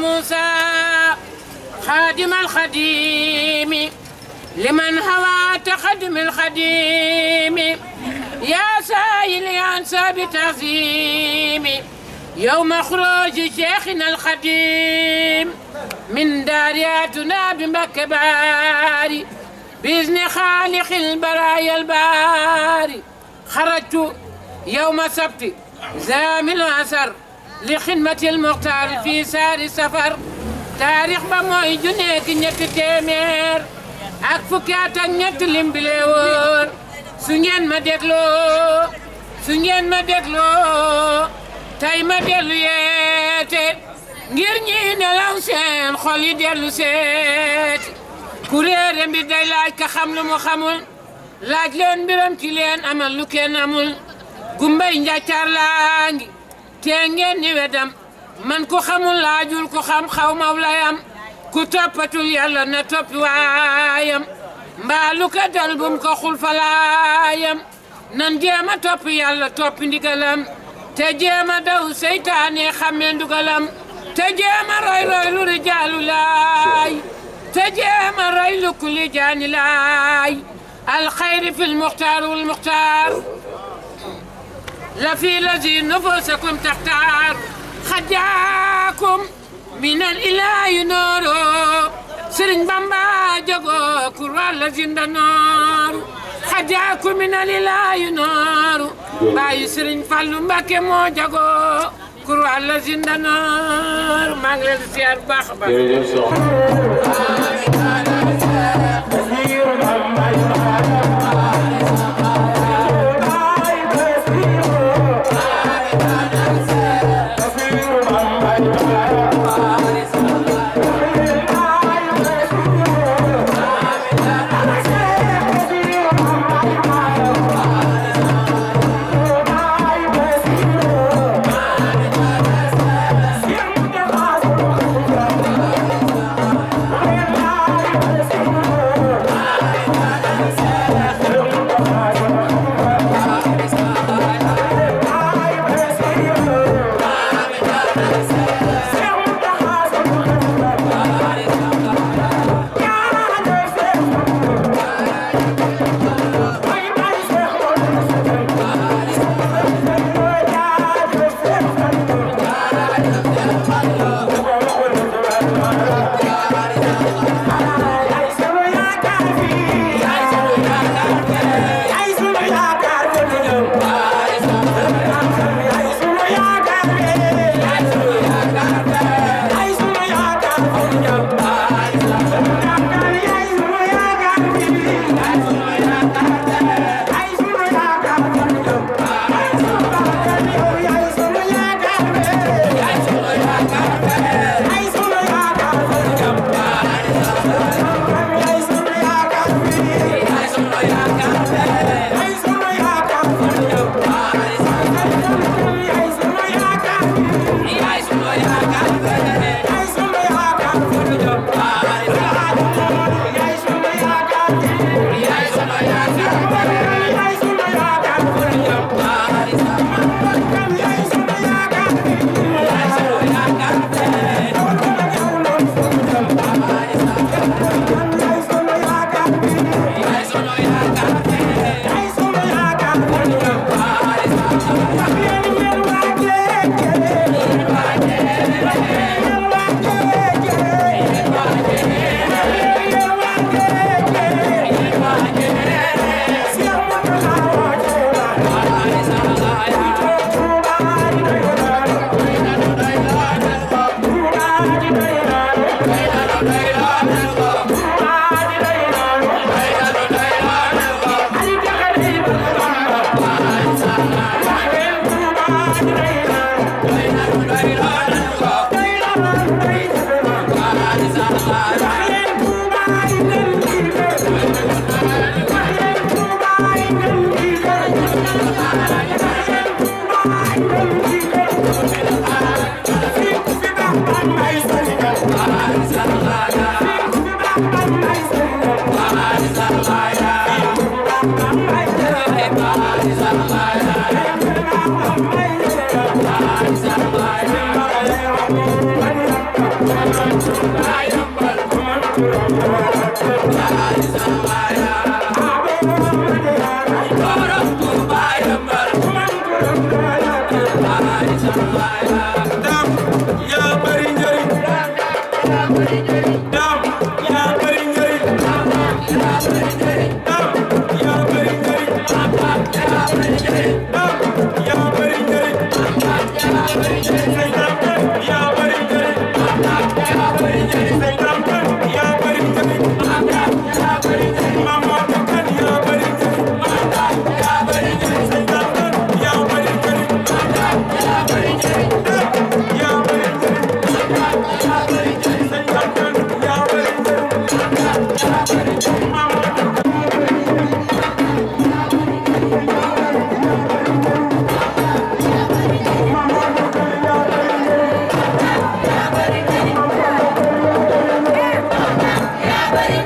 موسى خادم الخديم لمن هوى تخدم الخديم يا سائل يا انساب تعظيم يوم خروج شيخنا الخديم من دارياتنا بمكة بإذن خالق البرايا الباري خرجت يوم سبت زامل اثر لخدمة المختار في سار السفر taarix ba mooy junne ki ñetti téeméer ak fukki at ak ñett lim bi lee wóor su ngeen ma dégloo su ngeen ma dégloo tey ma dellu yeete ngir ñi nelaw gumbay njàccaar تنجن نبدم من كو خمو لاجول كو خم خاو مولايام كو توبتو يالا نتوب وايام مالوكا دلبم كو خلفلايام ننجيما توب يالا توب نيقلام تجيما دو سيطاني خمين دوغلام تجيما راي راي لرجال لاي تجيما راي لكل جان لاي الخير في المختار والمختار لا في الذي نفوسكم تختار خداكم من الإله نور سرين بامبا جوكو كرة لجند نور خداكم من الإله نور باي سرين فالو مبكي مو جوكو كرة لجند نور مانغل زيار باخ yeah, yeah. Everybody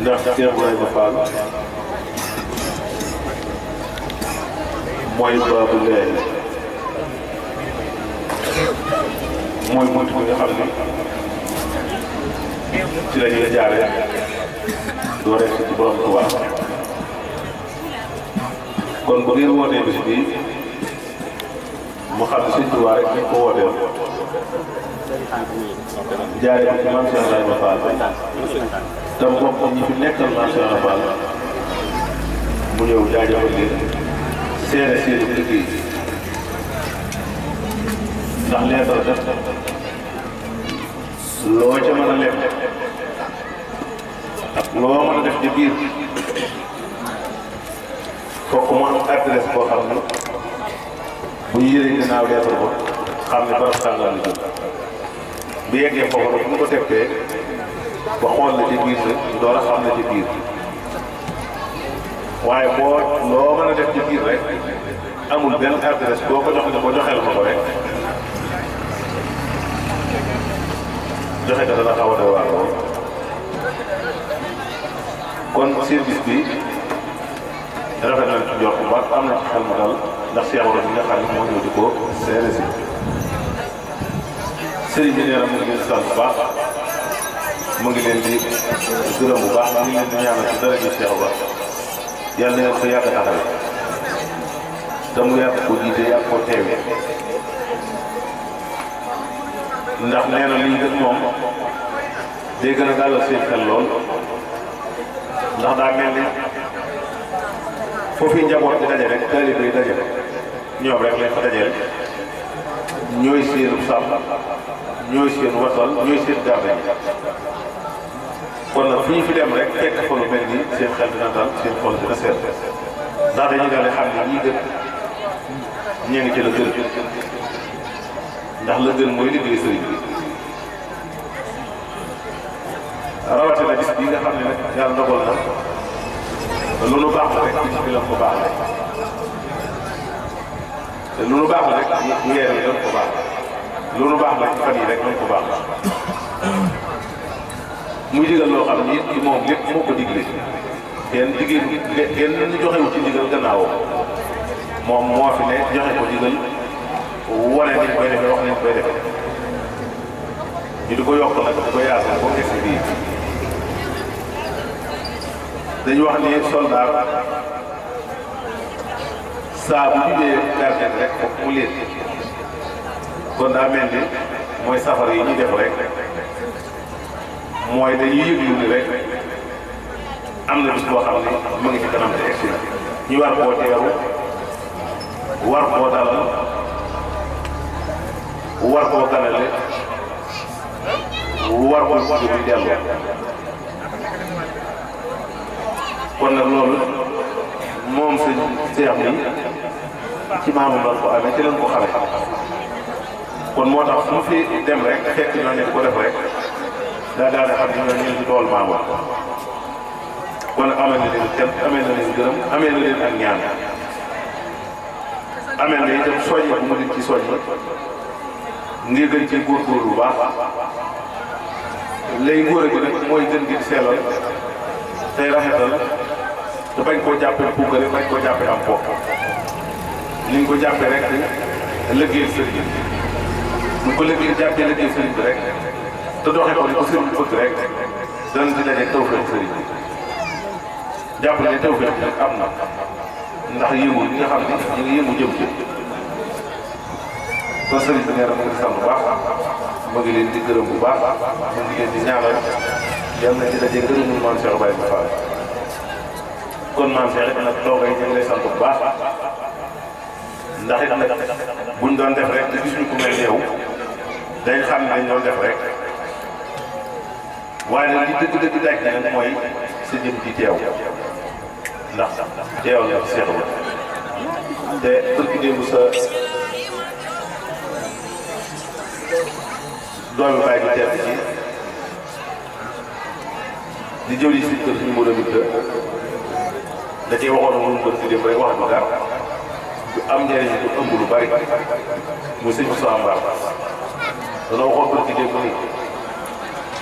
ndax Cheikh Ibrahima Fall mooy baabu leer mooy bunt bi nga xam ne ci la ñuy jaare doo rekk ci borom Tuubaa kon bu ngeen wootee bis bi mu xam ne sëñ Tuubaa rek ñu dama bokk ñi fi nekkal maam Cheikh Ibra Fall mu ñëw jaajëfal leen seere seeni liggéey ndax leetal def loo ca mën a leb ak loo mën a def ci biir fokk mu am adresse boo xam ne bu ñu yëree ginnaaw leetal ko xam ne bi yeggee foofu nag bu ñu ko teppee ba xool la ci biir rek door a xam la ci biir waaye boo loo mën a def ci biir rek amul benn adresse boo ko joxe ne ko joxeel ma ko rek joxe ko dana xaw a doy waar lool kon service bi rafet na ci jox bu baax am na xel mu dal ndax seexu bi nga xam ne moo ñëw di ko seere si sëriñ bi nee na mu ngi sant bu baax mu ngi leen di gërëm bu baax mu ngi leen di ñaanal ci dara ji Cheikh Ba yàlla na leen ko yàgg taxawee te mu yàgg ko jiite yàgg ko teewee ndax nee na liñ def moom day gën a dalal xel lool ndax daa mel ni foofu njaboot di daje rek taalibe yi daje ñoom rek lañ fa daje rek ñooy seen sàmm ñooy seen wasal ñooy seen gàmbe kon nag fu ñu fi dem rek fekk fa lu mel nii seen xel dina dal seen xol dina seet ndax dañuy daal di xam ne ngi ci la gën ndax la gën mooy liggéey sëriñ bi rawatina bis nga xam ne nag yàlla ndogal na lu nu baax la rek bis bi la ko la lu nu baax la nu baax la fan yi rek doon ko baax la muy digal loo xam ni moom lépp moo ko digle kenn digal kenn joxewu ci digal gannaawoo moom moo fi ne joxe ko digal wane nañ koy defee wax nañ koy defee ñu di ko yokk nag di ko yaatu ba mu egsi dañu wax ni soldat saa bu jubee rek foofu mu leen kon mel ni mooy safara yi ñu def rek. mooy dañuy yëg yu ni rek am na bis boo xam ne mu ngi ci kanam te egsi ñu war koo teeru war koo dalal war koo ganale war koo guddi bi dellu kon nag loolu moom sëñ seex ci maamu doon ko amee ci lañ ko xamee kon moo tax su mu fi dem rek fekk na ne ko def rek daa daal di xam ne ñun ñu ngi tool maam wax kon amee na leen kenn amee na leen gërëm amee na leen ak ñaan amee na itam soññ bu ma leen ci soññ ngir gën ci góorgóorlu bu baax lay góor a gi nag mooy gën gi di seelal tey rafetal te bañ koo jàppee puukare bañ koo jàppee am bopp ni nga ko jàppee rek liggéey sëriñ bi ñu ko liggéey jàppee liggéey sëriñ bi rek te doxee ko ni ko sëriñ bëgg rek danañ ci daje tawfeex sëriñ bi jàpp ne tawfeex rek am na ndax yëngu li nga xam ne ñu ngi yëngu jëm jëm kon sëriñ bi nee na mu ngi sant bu baax mu ngi leen di gërëm bu baax mu ngi leen di ñaanal yal na ci daje gërëmul maam Cheikh Baye Fall kon maam Cheikh it nag toogay ñu ngi lay sant bu baax ndax it nag buñ doon def rek te gisuñu ku mel ne yow day xam ne dañ doon def rek. waaye nag li dëgg-dëgg daaj na nag mooy sa jëm di teew ndax teew na seex ba te përki démb sa doomi baay bi teew ci di jëw si kër suñu mbooloo bi dë da cee waxoon moom përki démb rek wax bu gar du am njëriñ du ëmb lu bari mu sëñ Moussa Mbar danoo waxoon përki démb nii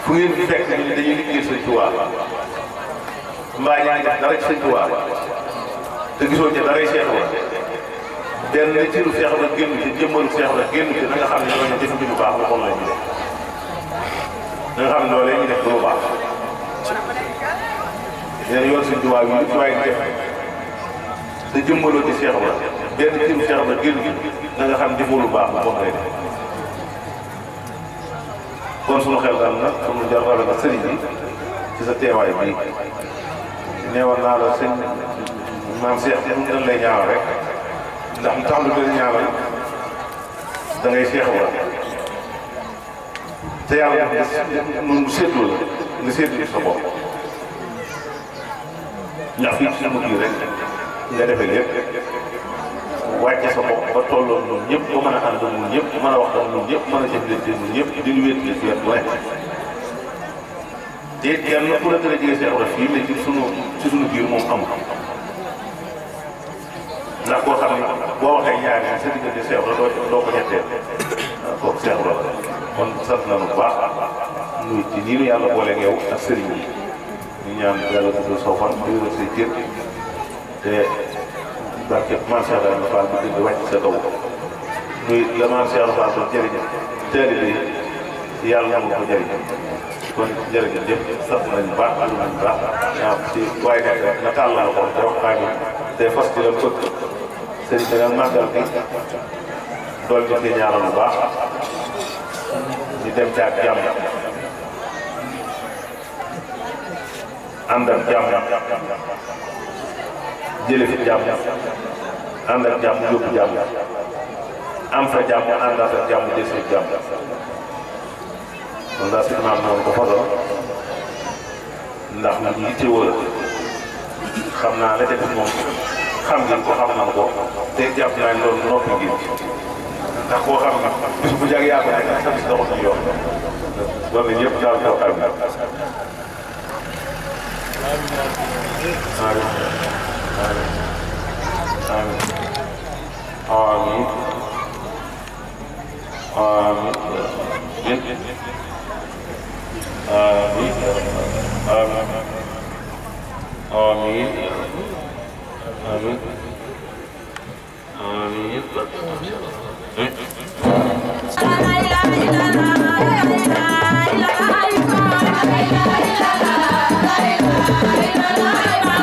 fu ngeen fekk ñu dañuy liggéey sëñ Tuubaa mbaa ñaa ngi dara ci sëñ Tuubaa te gisoo ca daray seex ba denn na ci seex ba génn ci jëmmalu seex ba génn xam ne ñooñu jëf ji lu baax lu bon nga xam ne loolee ñu def du lu baax leen yoon sëñ Tuubaa yi lu waay def te jëmmaloo ci seex ba denn ci lu génn na nga xam ne lu baax lu bon lay kon sunu xel dal na sunu jarale nga sëriñ bi ci sa teewaay bi neewal naa la sëñ maam Cheikh ñu dañ lay rek ndax mu tax lu gën ñaanal da ngay Cheikh Ibra te yàlla nun la nga seetlu sa bopp ndax fii ci sama rek nga defee lépp wàcce sa ko ba tolloo noonu ñëpp ba mën a ànd ak ñun ñëpp mën a wax ak ñun ñëpp mën a jëflante ñun ñëpp di ñu wéet ci wet bu nekk te it kenn ku la gën moom amul boo xam ne boo waxee ñaari ñaar sa diggante seex la doo doo ko ñetteel kooku seex la kon sant nañu bu baax nuyu ci ñi yàlla booleeg yow ak sëriñ yi ñu yàlla guddal soo fan wéeral say cër te. barke maam Cheikh Ibrahima Fall bu dindi wàcc sa kaw muy la maam Cheikh Ibrahima Fall doon jëriñam taalibe bi yàlla na ko jëriñam kon jërëjëf yëpp sax nañu baax àll nañu baax waaw ci waaye nekk rek nga tàllal ko te wax xaajul te fas ci leen bëgg sëñ bi nag màggal gi dool bi ci ñaanal bu baax ñu dem ci ak jàmm ànd ak jàmm jële fi jàmm ànd ak jàmm yóbbu jàmm am fa jàmm ànd ak jàmm jël si jàmm kon daal si maam noonu ko fasoo ndax nag yittewoo la xam naa la def moom xam ngeen ko xam nan ko te jàpp naa loolu noppi gi ndax koo xam ne bis bu jag yaa ko nekk sa bis doxul ci yoon loolu ñëpp daal koo xam ne la la la